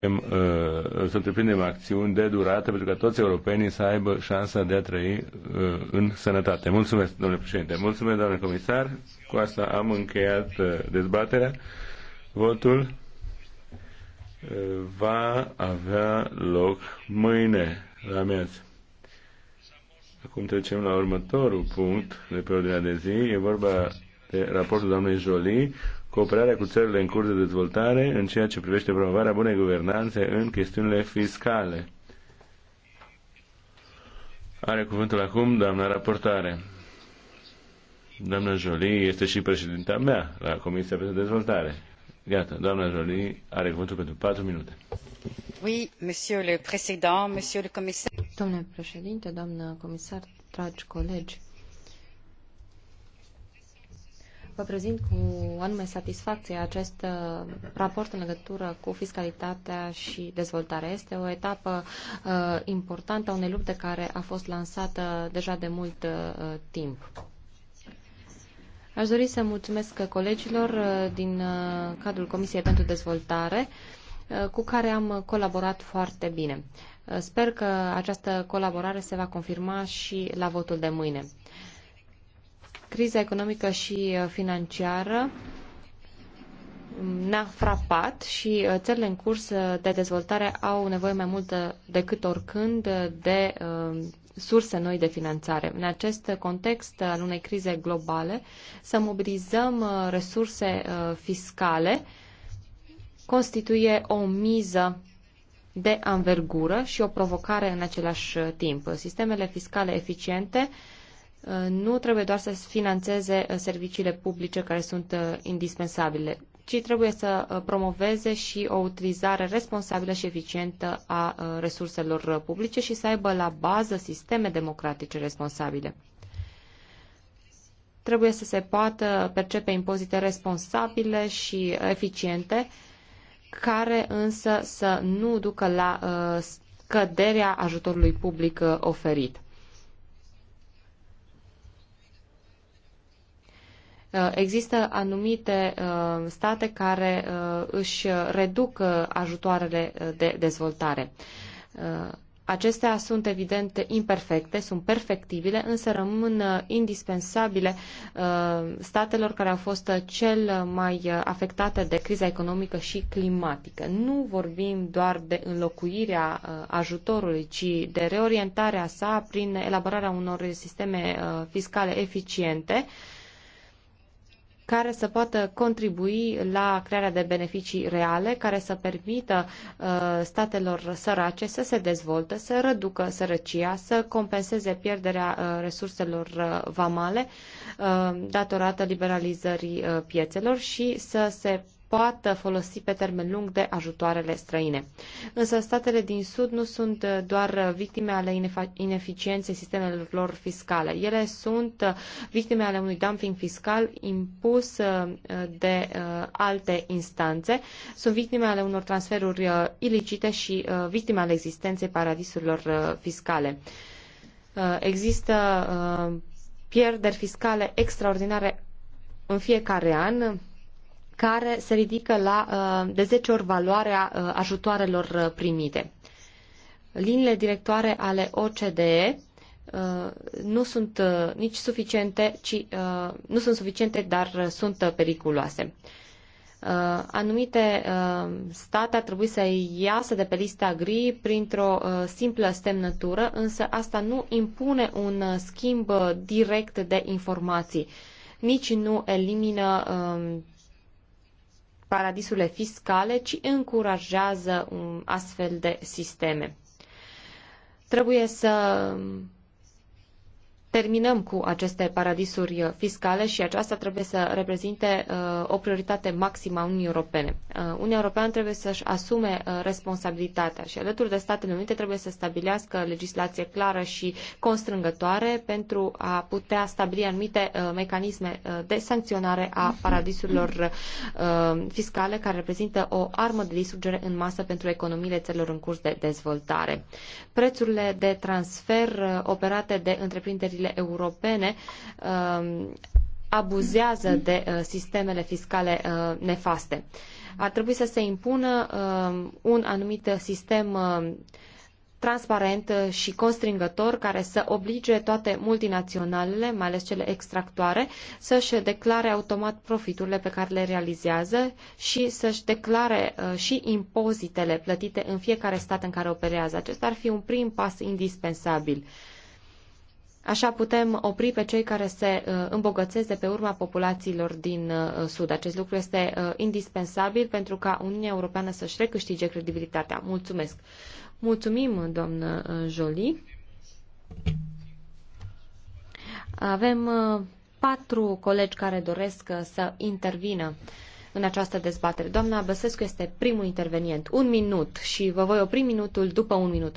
Uh, să întreprindem acțiuni de durată pentru ca toți europenii să aibă șansa de a trăi uh, în sănătate. Mulțumesc, domnule președinte. Mulțumesc, doamne comisar. Cu asta am încheiat uh, dezbaterea. Votul va avea loc mâine la amiază. Acum trecem la următorul punct de pe ordinea de zi. E vorba de raportul doamnei Jolie cooperarea cu țările în curs de dezvoltare în ceea ce privește promovarea bunei guvernanțe în chestiunile fiscale. Are cuvântul acum doamna raportare. Doamna Jolie este și președinta mea la Comisia pentru Dezvoltare. Gata, doamna Jolie are cuvântul pentru 4 minute. Oui, monsieur le président, monsieur le commissaire. Domnule președinte, doamnă comisar, dragi colegi, vă prezint cu anume satisfacție acest uh, raport în legătură cu fiscalitatea și dezvoltarea. Este o etapă uh, importantă a unei lupte care a fost lansată deja de mult uh, timp. Aș dori să mulțumesc colegilor uh, din uh, cadrul Comisiei pentru Dezvoltare uh, cu care am colaborat foarte bine. Uh, sper că această colaborare se va confirma și la votul de mâine. Criza economică și uh, financiară ne-a frapat și uh, țările în curs uh, de dezvoltare au nevoie mai mult decât oricând de surse noi de finanțare. În acest context al unei crize globale, să mobilizăm resurse fiscale constituie o miză de anvergură și o provocare în același timp. Sistemele fiscale eficiente uh, nu trebuie doar să financeze uh, serviciile publice care sunt uh, indispensabile, ci trebuie să uh, promoveze și o utilizare responsabilă și eficientă a resurselor publice și să aibă la bază sisteme democratice responsabile. Trebuie să se poată percepe impozite responsabile și eficiente, care însă să nu ducă la scăderea ajutorului public oferit. Uh, există anumite uh, state care uh, își reduc ajutoarele de dezvoltare. Acestea sunt evident imperfecte, sunt perfectibile, însă rămân indispensabile statelor care au fost cel mai afectate de criza economică și climatică. Nu vorbim doar de înlocuirea ajutorului, ci de reorientarea sa prin elaborarea unor sisteme fiscale eficiente, care să poată contribui la crearea de beneficii reale, care să permită uh, statelor sărace să se dezvolte, să reducă sărăcia, să compenseze pierderea uh, resurselor uh, vamale datorată liberalizării piețelor și să se poată folosi pe termen lung de ajutoarele străine. Însă statele din Sud nu sunt doar victime ale ineficienței sistemelor lor fiscale. Ele sunt victime ale unui dumping fiscal impus uh, de uh, alte instanțe, sunt victime ale unor transferuri uh, ilicite și victime ale existenței paradisurilor fiscale. Există pierderi fiscale extraordinare în fiecare an, care se ridică la uh, de 10 ori valoarea uh, ajutoarelor uh, primite. Liniile directoare ale OCDE nu sunt nici suficiente, ci nu sunt suficiente, dar sunt periculoase. Anumite state ar trebui să iasă de pe lista gri printr-o simplă semnătură, însă asta nu impune un schimb direct de informații, nici nu elimină um, paradisurile fiscale, ci încurajează un astfel de sisteme. Trebuie să terminăm cu aceste paradisuri fiscale și aceasta trebuie să reprezinte uh, o prioritate maximă a Uniunii Europene. Uh, Uniunea Europeană trebuie să-și asume uh, responsabilitatea și alături de Statele Unite trebuie să stabilească legislație clară și constrângătoare pentru a putea stabili anumite mecanisme de sancționare a paradisurilor fiscale care reprezintă o armă de distrugere în masă pentru economiile țărilor în curs de dezvoltare. Prețurile de transfer operate de întreprinderi țările europene um, abuzează de uh, sistemele fiscale uh, nefaste. Ar trebui să se impună um, un anumit sistem uh, transparent și constringător care să oblige toate multinaționalele, mai ales cele extractoare, să-și declare automat profiturile pe care le realizează și să-și declare și impozitele plătite în fiecare stat în care operează. Acesta ar fi un prim pas indispensabil. Așa putem opri pe cei care se uh, îmbogățesc de pe urma populațiilor din uh, Sud. Acest lucru este uh, indispensabil pentru ca Uniunea Europeană să-și recâștige credibilitatea. Mulțumesc! Mulțumim, doamnă Jolie. Avem patru colegi care doresc să intervină în această dezbatere. Doamna Băsescu este primul intervenient. Un minut și vă voi opri minutul după un minut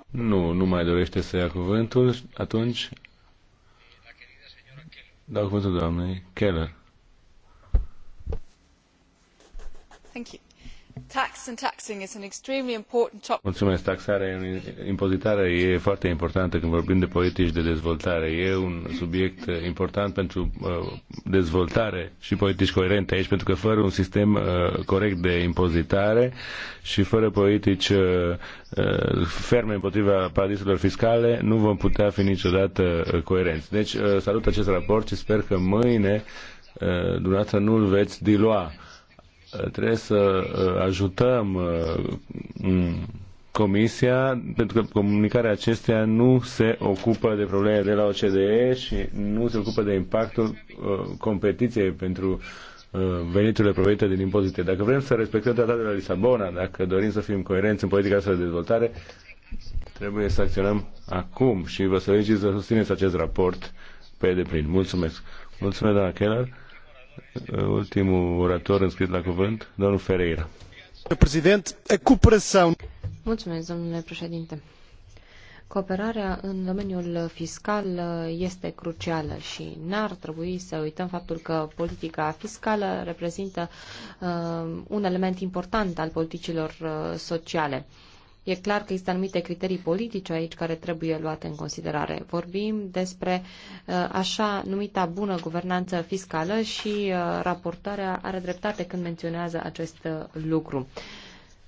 Nu, nu mai dorește să ia cuvântul. Atunci dau cuvântul doamnei Keller. Thank you. Tax and Taxarea, impozitarea e foarte importantă când vorbim de politici de dezvoltare. E un subiect important pentru uh, dezvoltare și politici coerente aici, pentru că fără un sistem uh, corect de impozitare și fără politici uh, ferme împotriva paradisurilor fiscale, nu vom putea fi niciodată coerenți. Deci salut acest raport și sper că mâine dumneavoastră nu îl veți dilua trebuie să uh, ajutăm uh, Comisia, pentru că comunicarea acestea nu se ocupă de probleme de la OCDE și nu se ocupă de impactul uh, competiției pentru veniturile provenite din impozite. Dacă vrem să respectăm tratatul de la Lisabona, dacă dorim să fim coerenți în politica asta de dezvoltare, trebuie să acționăm acum și vă solicit să susțineți acest raport pe deplin. Mulțumesc! Mulțumesc, doamna Keller! Ultimul orator înscris la cuvânt, domnul Ferreira. Prezident, Mulțumesc, domnule președinte. Cooperarea în domeniul fiscal uh, este crucială și n-ar trebui să uităm faptul că politica fiscală reprezintă uh, un element important al politicilor uh, sociale. Uh, E clar că există anumite criterii politice aici care trebuie luate în considerare. Vorbim despre uh, așa numita bună guvernanță fiscală și uh, raportarea are dreptate când menționează acest uh, lucru.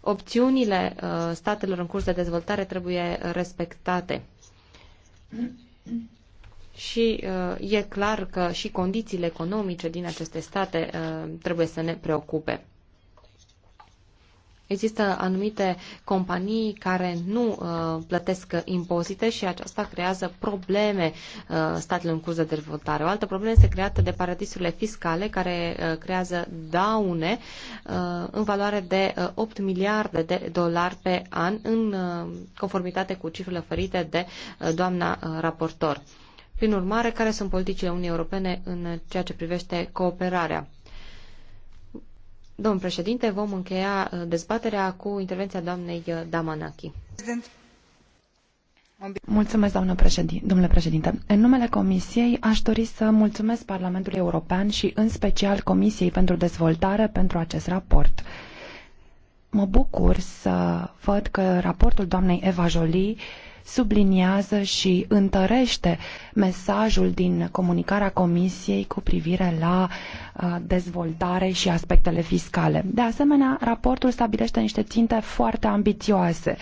Opțiunile statelor în curs de dezvoltare trebuie respectate. Și e clar că și condițiile economice din aceste state trebuie să ne preocupe. Există anumite companii care nu uh, plătesc impozite și aceasta creează probleme uh, statelor în curs de dezvoltare. O altă problemă este creată de paradisurile fiscale care uh, creează daune în valoare de 8 miliarde de dolari pe an în conformitate cu cifrele oferite de doamna raportor. Prin urmare, care sunt politicile Uniunii Europene în ceea ce privește cooperarea? Domn președinte, vom încheia uh, dezbaterea cu intervenția doamnei uh, Damanaki. Mulțumesc, doamnă președinte, domnule președinte. În numele Comisiei aș dori să mulțumesc Parlamentului European și în special Comisiei pentru Dezvoltare pentru acest raport. Mă bucur să văd că raportul doamnei Eva Jolie subliniază și întărește mesajul din comunicarea Comisiei cu privire la uh, dezvoltare și aspectele fiscale. De asemenea, raportul stabilește niște ținte foarte ambițioase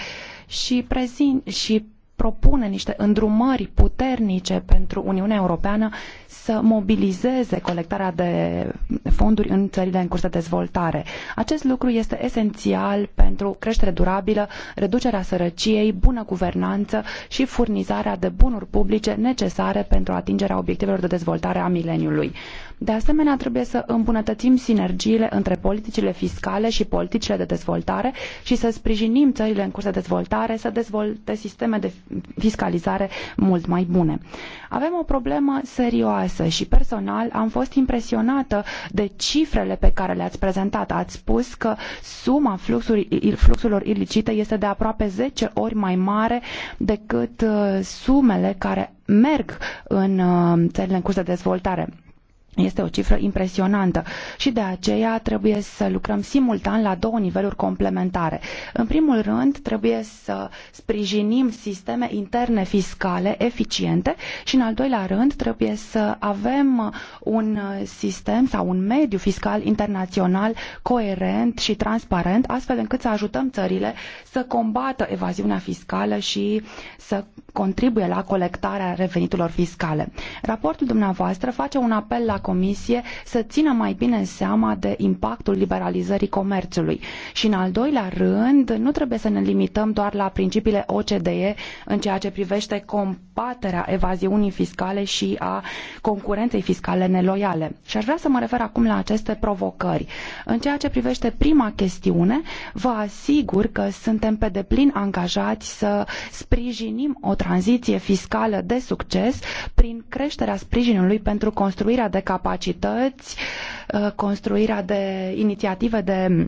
și, prezin, și propune niște îndrumări puternice pentru Uniunea Europeană să mobilizeze colectarea de fonduri în țările în curs de dezvoltare. Acest lucru este esențial pentru creștere durabilă, reducerea sărăciei, bună guvernanță și furnizarea de bunuri publice necesare pentru atingerea obiectivelor de dezvoltare a mileniului. De asemenea, trebuie să îmbunătățim sinergiile între politicile fiscale și politicile de dezvoltare și să sprijinim țările în curs de dezvoltare să dezvolte sisteme de fiscalizare mult mai bune. Avem o problemă serioasă și personal am fost impresionată de cifrele pe care le-ați prezentat. Ați spus că suma fluxurilor ilicite este de aproape 10 ori mai mare decât uh, sumele care merg în uh, țările în curs de dezvoltare. Este o cifră impresionantă și de aceea trebuie să lucrăm simultan la două niveluri complementare. În primul rând, trebuie să sprijinim sisteme interne fiscale eficiente și în al doilea rând, trebuie să avem un sistem sau un mediu fiscal internațional coerent și transparent, astfel încât să ajutăm țările să combată evaziunea fiscală și să contribuie la colectarea reveniturilor fiscale. Raportul dumneavoastră face un apel la Comisie să țină mai bine seama de impactul liberalizării comerțului. Și în al doilea rând, nu trebuie să ne limităm doar la principiile OCDE în ceea ce privește combaterea evaziunii fiscale și a concurenței fiscale neloiale. Și aș vrea să mă refer acum la aceste provocări. În ceea ce privește prima chestiune, vă asigur că suntem pe deplin angajați să sprijinim o tranziție fiscală de succes prin creșterea sprijinului pentru construirea de capacități, uh, construirea de inițiative de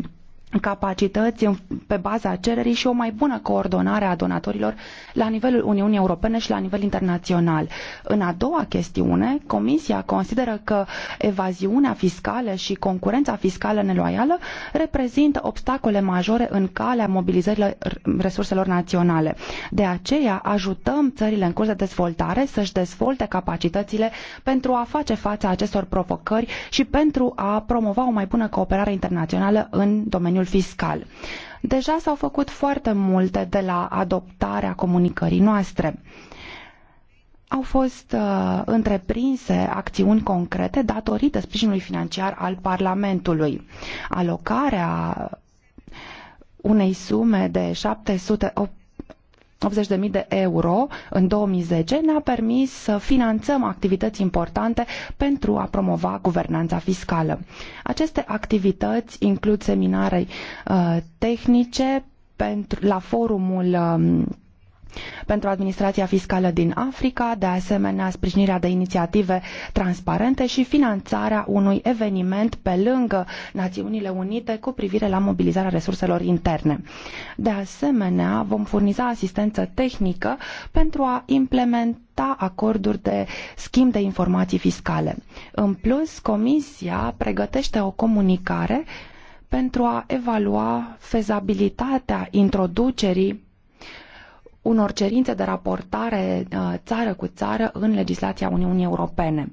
capacități pe baza cererii și o mai bună coordonare a donatorilor la nivelul Uniunii Europene și la nivel internațional. În a doua chestiune, Comisia consideră că evaziunea fiscală și concurența fiscală neloială reprezintă obstacole majore în calea mobilizării resurselor naționale. De aceea ajutăm țările în curs de dezvoltare să-și dezvolte capacitățile pentru a face față acestor provocări și pentru a promova o mai bună cooperare internațională în domeniul domeniul fiscal. Deja s-au făcut foarte multe de la adoptarea comunicării noastre. Au fost uh, întreprinse acțiuni concrete datorită sprijinului financiar al Parlamentului. Alocarea unei sume de 708 80.000 de euro în 2010 ne-a permis să finanțăm activități importante pentru a promova guvernanța fiscală. Aceste activități includ seminare uh, tehnice pentru, la forumul um, pentru administrația fiscală din Africa, de asemenea sprijinirea de inițiative transparente și finanțarea unui eveniment pe lângă Națiunile Unite cu privire la mobilizarea resurselor interne. De asemenea, vom furniza asistență tehnică pentru a implementa adopta acorduri de schimb de informații fiscale. În plus, Comisia pregătește o comunicare pentru a evalua fezabilitatea introducerii unor cerințe de raportare uh, țară cu țară în legislația Uniunii Europene.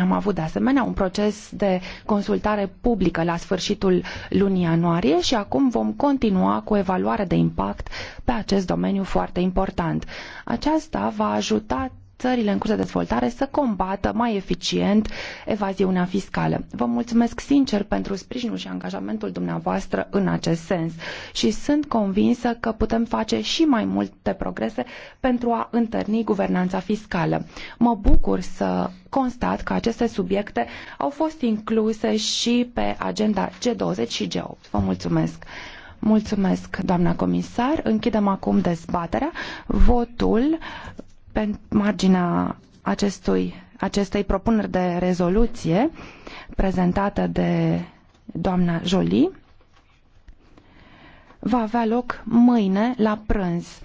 Am avut de asemenea un proces de consultare publică la sfârșitul lunii ianuarie și acum vom continua cu evaluarea de impact pe acest domeniu foarte important. Aceasta va ajuta țările în curs de dezvoltare să combată mai eficient evaziunea fiscală. Vă mulțumesc sincer pentru sprijinul și angajamentul dumneavoastră în acest sens și sunt convinsă că putem face și mai multe progrese pentru a întărni guvernanța fiscală. Mă bucur să constat că aceste subiecte au fost incluse și pe agenda G20 și G8. Vă mulțumesc! Mulțumesc, doamna comisar. Închidem acum dezbaterea. Votul pe marginea acestui, acestei propuneri de rezoluție prezentată de doamna Jolie, va avea loc mâine la prânz.